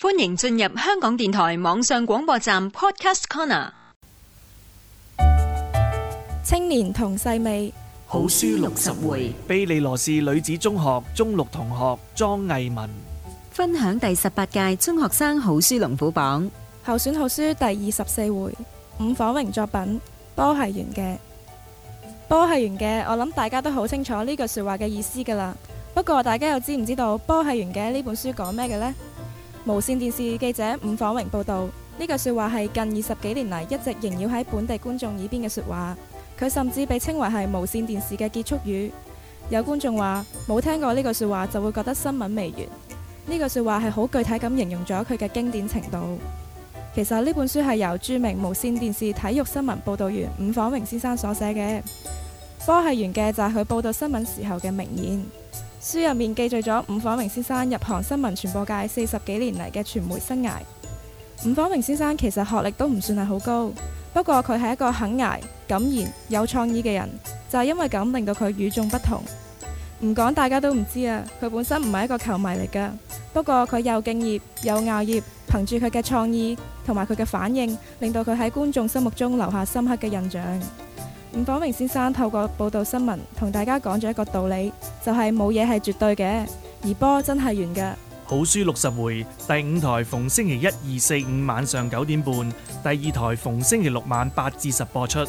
歡迎進入香港電台網上廣播站 Podcast Corner，青年同細味好書六十回。庇理羅士女子中學中六同學莊藝文分享第十八屆中學生好書龍虎榜候選好書第二十四回伍晃榮作品《波係圓嘅波係圓嘅》，我諗大家都好清楚呢句說話嘅意思㗎喇。不過大家又知唔知道波完《波係圓嘅》呢本書講咩嘅呢？無綫電視記者伍晃榮報道，呢句說話係近二十幾年嚟，一直縈繞喺本地觀眾耳邊嘅說話，佢甚至被稱為係無綫電視嘅結束語。有觀眾話，冇聽過呢句說話就會覺得新聞未完。呢句說話係好具體咁形容咗佢嘅經典程度。其實呢本書係由著名無綫電視體育新聞報道員伍晃榮先生所寫嘅，波係圓嘅就係佢報道新聞時候嘅名言。書入面記載咗伍晃榮先生入行新聞傳播界四十幾年嚟嘅傳媒生涯。伍晃榮先生其實學歷都唔算係好高，不過佢係一個肯捱、敢言、有創意嘅人，就係、是、因為咁令到佢與眾不同。唔講大家都唔知啊，佢本身唔係一個球迷嚟㗎，不過佢又敬業、又熬業，憑住佢嘅創意同埋佢嘅反應，令到佢喺觀眾心目中留下深刻嘅印象。伍晃榮先生透過報道新聞同大家講咗一個道理，就係冇嘢係絕對嘅，而波真係圓㗎。好書六十回，第五台逢星期一、二、四、五晚上九點半，第二台逢星期六晚八至十播出。